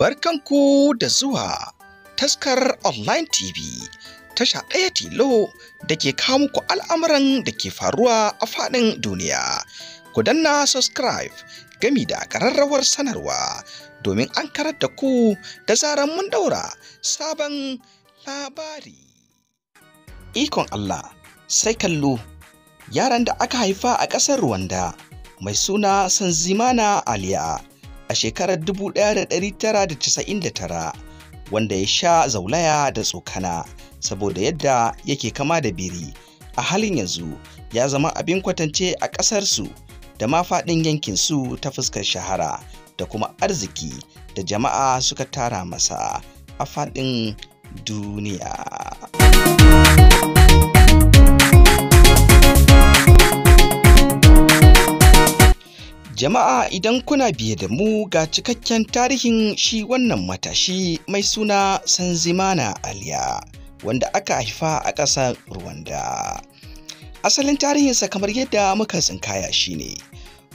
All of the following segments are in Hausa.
barkanku da zuwa taskar online tv tasha ɗaya tilo da ke kawo muku al'amuran da ke faruwa a faɗin duniya ku danna subscribe gami da ƙararrawar sanarwa domin an karar da ku da zaran mun daura sabon labari ikon allah sai kallo yaran da aka haifa a ƙasar rwanda mai suna sanzimana aliya a shekarar 1999 wanda ya sha zaulaya da tsokana saboda yadda yake kama da biri a halin yanzu ya zama abin kwatance a ƙasarsu da ma faɗin yankinsu ta fuskar shahara da kuma arziki da jama'a suka tara masa a faɗin duniya. Jama'a idan kuna biye da mu ga cikakken tarihin shi wannan matashi mai suna Sanzimana Aliya wanda aka haifa a ƙasar Rwanda. Asalin tarihinsa kamar yadda muka tsinkaya shine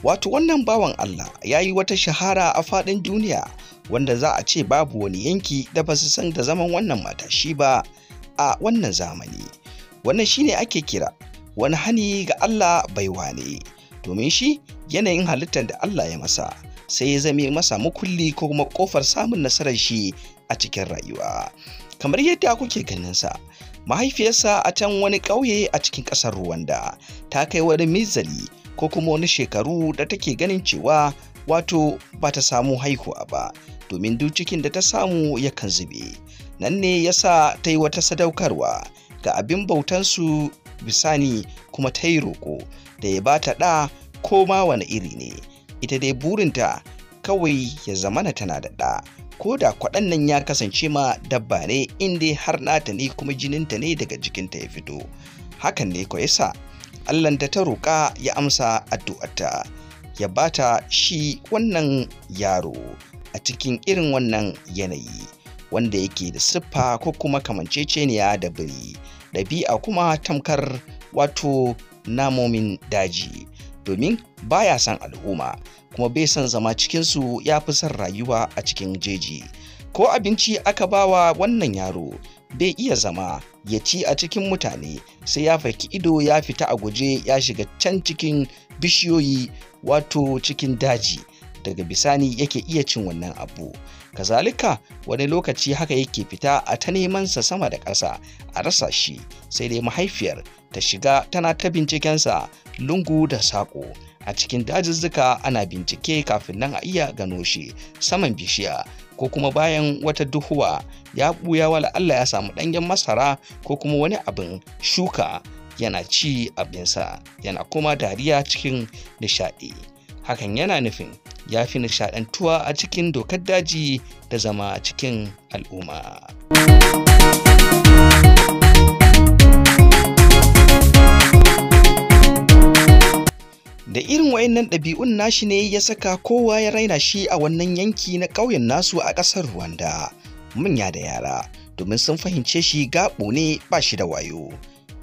wato wannan bawan Allah ya yi wata shahara a faɗin duniya wanda za a ce babu wani yanki da ba su san da zaman wannan matashi ba a wannan zamani. Wannan shine ake kira wani hani ga Allah baiwa ne. domin shi yanayin halittar da Allah ya masa sai ya zame masa makulli ko kuma kofar samun nasarar shi a cikin rayuwa kamar yadda kuke ganin sa mahaifiyarsa a can wani ƙauye a cikin ƙasar Rwanda ta kai wani mizali ko kuma wani shekaru da take ganin cewa wato ba ta samu haihuwa ba domin duk cikin da ta samu yakan zube nan ne ya sa ta yi wata sadaukarwa ga abin bautansu bisani kuma ta yi roƙo da ya bata ɗa ko ma wani iri ne ita dai burinta kawai ya zamana tana da ɗa ko da kwaɗannan ya kasance ma dabba ne inda har nata ne kuma jininta ne daga jikinta ya fito hakan ne ko yasa allanta ta roƙa ya amsa addu'arta ya bata shi wannan yaro a cikin irin wannan yanayi wanda yake da siffa ko kuma kamanceceniya da biri ɗabi'a kuma tamkar wato namomin daji domin baya son al'umma kuma bai son zama cikinsu ya fi son rayuwa a cikin jeji ko abinci aka bawa wannan yaro bai iya zama ya ci a cikin mutane sai ya faki ido ya fita a guje ya shiga can cikin bishiyoyi wato cikin daji daga bisani yake iya cin wannan abu kazalika wani lokaci haka yake fita a ta nemansa sama da ƙasa a rasa shi sai dai mahaifiyar ta shiga tana ta bincikensa lungu da saƙo a cikin dajizzuka ana bincike kafin nan a iya gano shi saman bishiya ko kuma bayan wata duhuwa ya buya wala Allah ya samu ɗanyen masara ko kuma wani abin shuka yana ci abinsa yana kuma dariya cikin nishaɗi hakan yana nufin ya fi nishaɗantuwa a cikin dokar daji da zama cikin al'umma. da irin wayannan ɗabi'un nashi ne ya saka kowa ya raina shi a wannan yanki na ƙauyen nasu a ƙasar Rwanda manya da yara domin sun fahimce shi gaɓo ne ba shi da wayo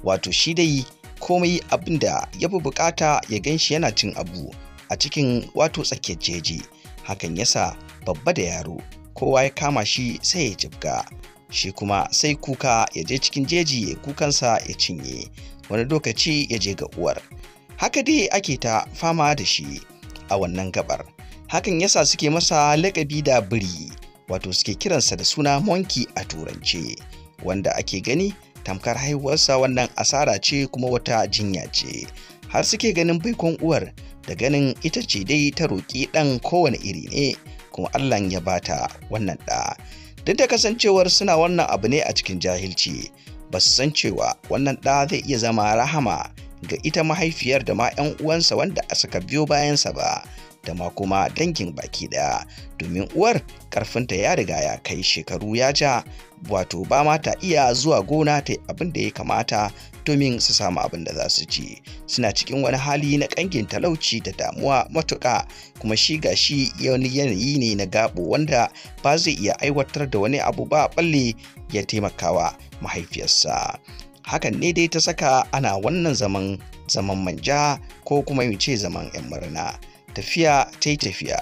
wato shi dai komai abin da ya fi buƙata ya gan shi yana cin abu a cikin wato tsakiyar jeji hakan yasa babba da yaro kowa ya kama shi sai ya jibga shi kuma sai kuka ya je cikin jeji ya kukansa ya cinye wani lokaci ya je ga uwar haka dai ake ta fama da shi a wannan gabar hakan yasa suke masa lakabi da biri wato suke kiransa da suna monkey a turance wanda ake gani tamkar haihuwarsa wannan asara ce kuma wata jinya ce har suke ganin baikon uwar da ganin ita ce dai ta roƙi ɗan kowane iri ne kuma allah ya bata wannan ɗa duk da kasancewar suna wannan abu ne a cikin jahilci ba su san cewa wannan ɗa zai iya zama rahama ga ita mahaifiyar da ma 'yan uwansa wanda a suka biyo bayansa ba da ma kuma dangin baki ɗaya, domin uwar karfinta ya riga ya kai shekaru ya ja wato ba ma ta iya zuwa gona ta abin da ya kamata domin su samu abin da za su ci suna cikin wani hali na ƙangin talauci da damuwa matuƙa kuma shi ga shi wani yanayi ne na gaɓo wanda ba zai iya aiwatar da wani abu ba balle ya taimakawa mahaifiyarsa hakan ne dai ta saka ana wannan zaman zaman manja ko kuma mu ce zaman 'yan murna tafiya ta yi tafiya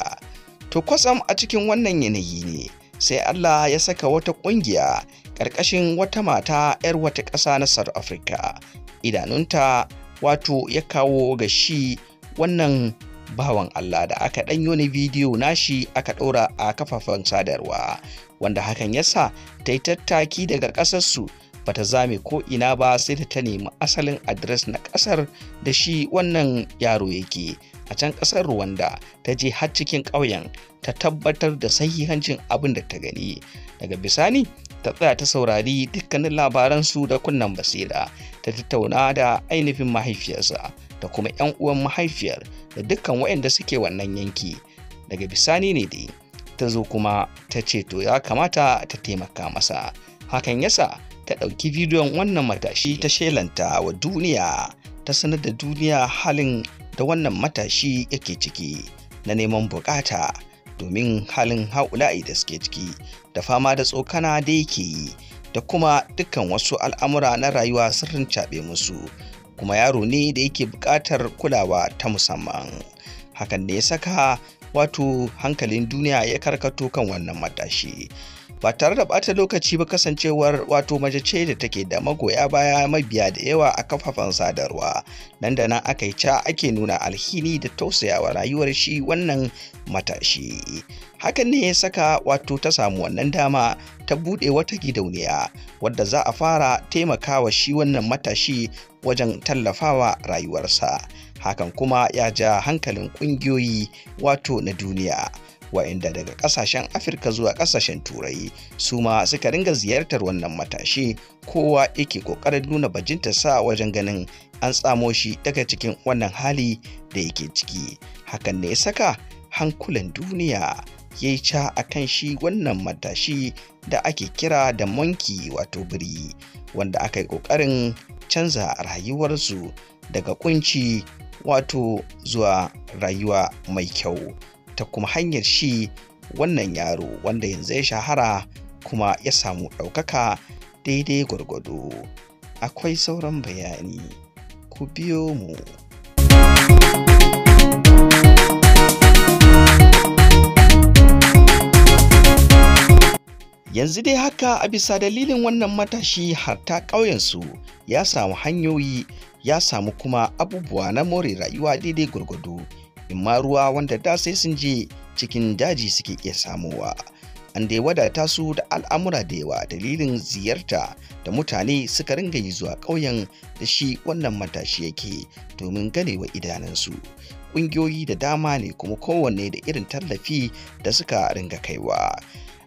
to kwatsam a cikin wannan yanayi ne sai allah ya saka wata ƙungiya ƙarƙashin wata mata 'yar wata ƙasa na south africa idanunta wato ya kawo ga shi wannan bawan allah da aka ɗanyo wani bidiyo nashi aka ɗora a kafafen sadarwa wanda hakan yasa ta yi tattaki daga ƙasarsu bata zame ko ina ba sai da ta nemi asalin adres na kasar da shi wannan yaro yake a can kasar Rwanda ta je har cikin ƙauyen ta tabbatar da sahihancin abin da ta gani daga bisani ta tsaya ta saurari dukkanin su da kunnen basira ta tattauna da ainihin mahaifiyarsa da kuma 'yan uwan mahaifiyar da dukkan waɗanda suke wannan yanki daga bisani ne dai ta zo kuma ta ce to ya kamata ta taimaka masa hakan yasa ta ɗauki bidiyon wannan matashi ta shelanta wa duniya ta sanar da duniya halin da wannan matashi yake ciki na neman bukata domin halin haula'i da suke ciki da fama da tsokana da yake yi da kuma dukkan wasu al'amura na rayuwa sirrin caɓe musu kuma yaro ne da yake buƙatar kulawa ta musamman hakan ne ya saka wato hankalin duniya ya karkato kan wannan matashi ba tare da bata lokaci ba kasancewar wato mace ce da take da magoya baya mabiya da yawa a kafafen sadarwa nan da nan aka yi ca ake nuna alhini da tausayawa rayuwar shi wannan matashi hakan ne ya saka wato ta samu wannan dama ta buɗe wata gidauniya wadda za a fara taimakawa shi wannan matashi wajen tallafawa rayuwarsa hakan kuma ya ja hankalin ƙungiyoyi wato na duniya wa'inda daga kasashen afirka zuwa kasashen turai su ma suka ringa ziyartar wannan matashi kowa yake kokarin nuna bajinta sa wajen ganin an tsamo shi daga cikin wannan hali da yake ciki hakan ne saka hankulan duniya ya yi ca a kan shi wannan matashi da ake kira da "monkey" wato biri wanda aka yi ƙoƙarin canza rayuwarsu daga kunci wato zuwa rayuwa mai kyau ta kuma hanyar shi wannan yaro wanda yanzu ya shahara kuma ya samu ɗaukaka daidai gwargwado akwai sauran bayani ku biyo mu yanzu dai haka a bisa dalilin wannan matashi har ta ƙauyensu ya samu hanyoyi ya samu kuma abubuwa na more rayuwa daidai gwargwado in ma ruwa wanda da sai sun je cikin daji suke iya samowa an dai wadata su da al'amura da yawa dalilin ziyarta da mutane suka ringa yi zuwa ƙauyen da shi wannan matashi yake domin ganewa idanunsu ƙungiyoyi da dama ne kuma kowanne da irin tallafi da suka ringa kaiwa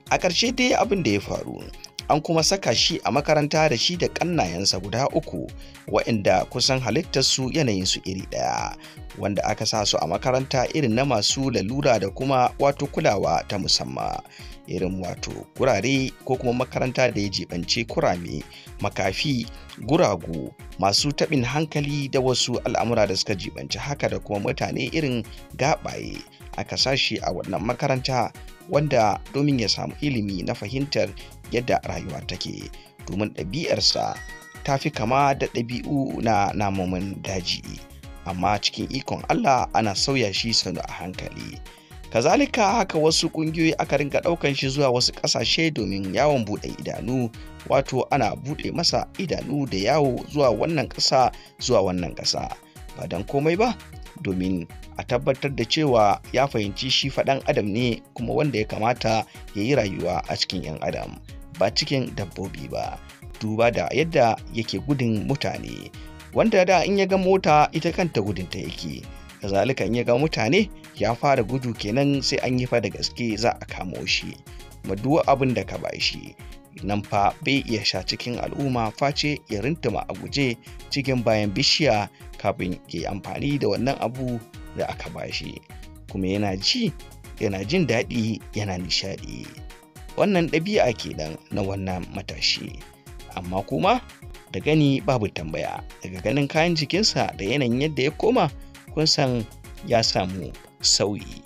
a ƙarshe dai abin da ya faru an kuma saka shi a makaranta da shi da ƙannayensa guda uku waɗanda kusan halittarsu su iri ɗaya wanda aka sa su a makaranta irin na masu lalura da kuma wato kulawa ta musamman irin wato gurare ko kuma makaranta da ya jibance kurame makafi guragu masu taɓin hankali da wasu al'amura da suka jibanci haka da kuma mutane irin gaɓaye aka sashi a wannan makaranta wanda domin ya samu ilimi na fahimtar yadda rayuwa take domin ɗabi'arsa ta fi kama da ɗabi'u na namomin daji amma cikin ikon Allah ana sauya shi sanu a hankali kazalika haka wasu ƙungiyoyi aka rinka ɗaukan shi zuwa wasu ƙasashe domin yawon buɗe idanu wato ana buɗe masa idanu da yawo zuwa wannan ƙasa zuwa wannan ƙasa ba don komai ba domin a tabbatar da cewa ya fahimci shi faɗan adam ne kuma wanda ya kamata ya yi rayuwa a cikin 'yan adam ba cikin dabbobi ba duba da yadda yake gudun mutane wanda da in ya ga mota ita kanta gudunta yake zalika in ya ga mutane ya fara gudu kenan sai an yi fa da gaske za a kamo shi maduwa abin da ka bashi nan fa bai iya sha cikin al'umma face ya rintuma a guje cikin bayan bishiya kafin ke amfani da wannan abu da aka bashi kuma yana ji yana jin daɗi yana nishaɗi wannan ɗabi'a ke kenan na wannan matashi amma kuma da gani babu tambaya daga ganin kayan jikinsa da yanayin yadda ya koma kun san ya samu sauyi.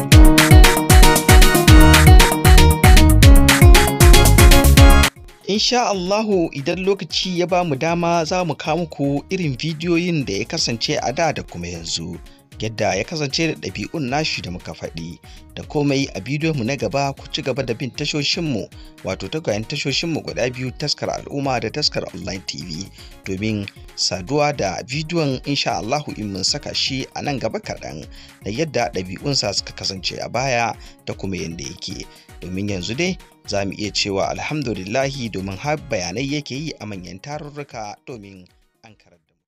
sha Allahu idan lokaci ya ba mu dama za mu kawo muku irin bidiyoyin da ya kasance a da da kuma yanzu yadda ya kasance da ɗabi'un nashi da muka faɗi da komai a bidiyon mu na gaba ku ci gaba da bin tashoshinmu wato tagwayen mu guda biyu taskar al'umma da taskar online tv domin saduwa da bidiyon insha Allahu in mun saka shi a nan gaba kaɗan da yadda ɗabi'unsa suka kasance a baya da kuma yadda yake domin yanzu dai za mu iya cewa alhamdulillahi domin har bayanai yake yi a manyan tarurruka domin an